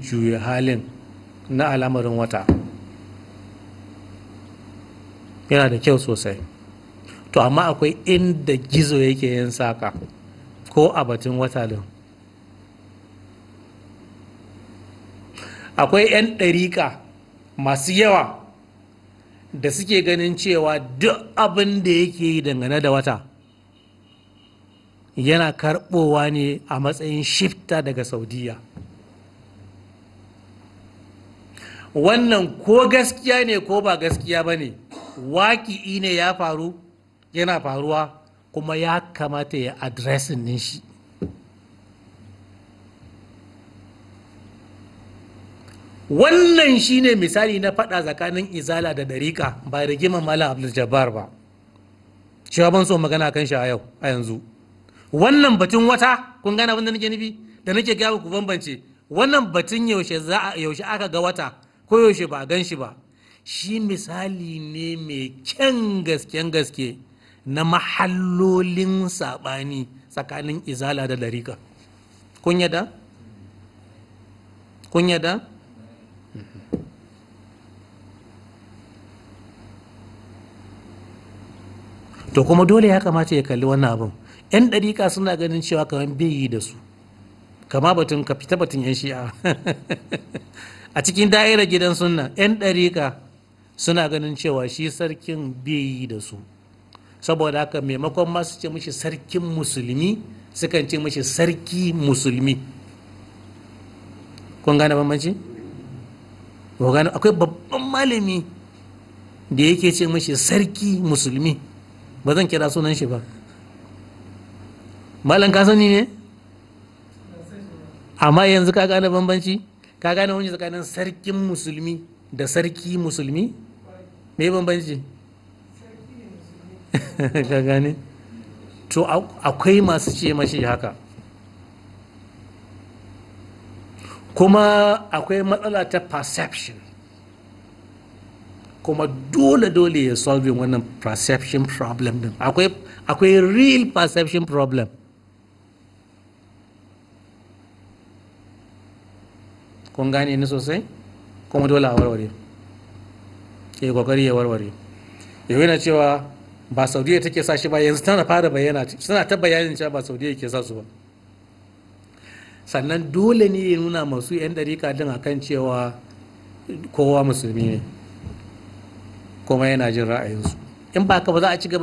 juya halin na al'amarin wata yana da kyau sosai to amma akwai inda gizo yake yin saka ko a batun wata din akwai 'yan ɗariƙa masu yawa da suke ganin cewa duk abin da yake yi dangane da wata yana karɓowa ne a matsayin shifta daga saudiya wannan ko gaskiya ne ko ba gaskiya ba ne waki'i ne ya faru yana faruwa kuma ya kamata ya adresin ne shi wannan shine misali na fada tsakanin izala da dariƙa ba rigima mala abdul jabbar ba shi ban so magana kan shi a yau a yanzu wannan batun wata kun gane abin da nake nufi da nake gaba ku bambance wannan batun yaushe aka ga wata koyaushe ba a gan shi ba shi misali ne mai kyan gasken gaske na mahallolin saɓani tsakanin izala da dariƙa kun yada? kun yada? to kuma dole ya kamata ya kalli wannan abin 'yan dariƙa suna ganin cewa kamar bai yi da su kama batun ka fita batun yan shi'a a cikin da'irar gidan sunna yan ɗarika suna ganin cewa shi sarkin bai da su saboda haka maimakon masu ce mishi sarkin musulmi sukan ce mishi sarki musulmi kun gane bambanci akwai babban malami da yake ce mishi sarki musulmi ba zan kira sunan shi ba malam ka sani ne amma yanzu ka gane bambanci ka gane wani tsakanin sarkin musulmi da sarki musulmi me bambanci ka gane to akwai masu ce mashi haka kuma akwai matsala ta perception kuma dole-dole ya solving wannan perception problem din akwai real perception problem kun gane ni sosai kuma dole a warware ke kokari ya warware yau yana cewa ba saudiya take sa shi ba yanzu tana fara bayyana suna ta bayanin cewa ba saudiya ke sa su ba sannan dole ne ya nuna masu 'yan dariƙa din a kan cewa kowa musulmi ne kuma yana jin ra'ayinsu in ba ka ba za a ci gaba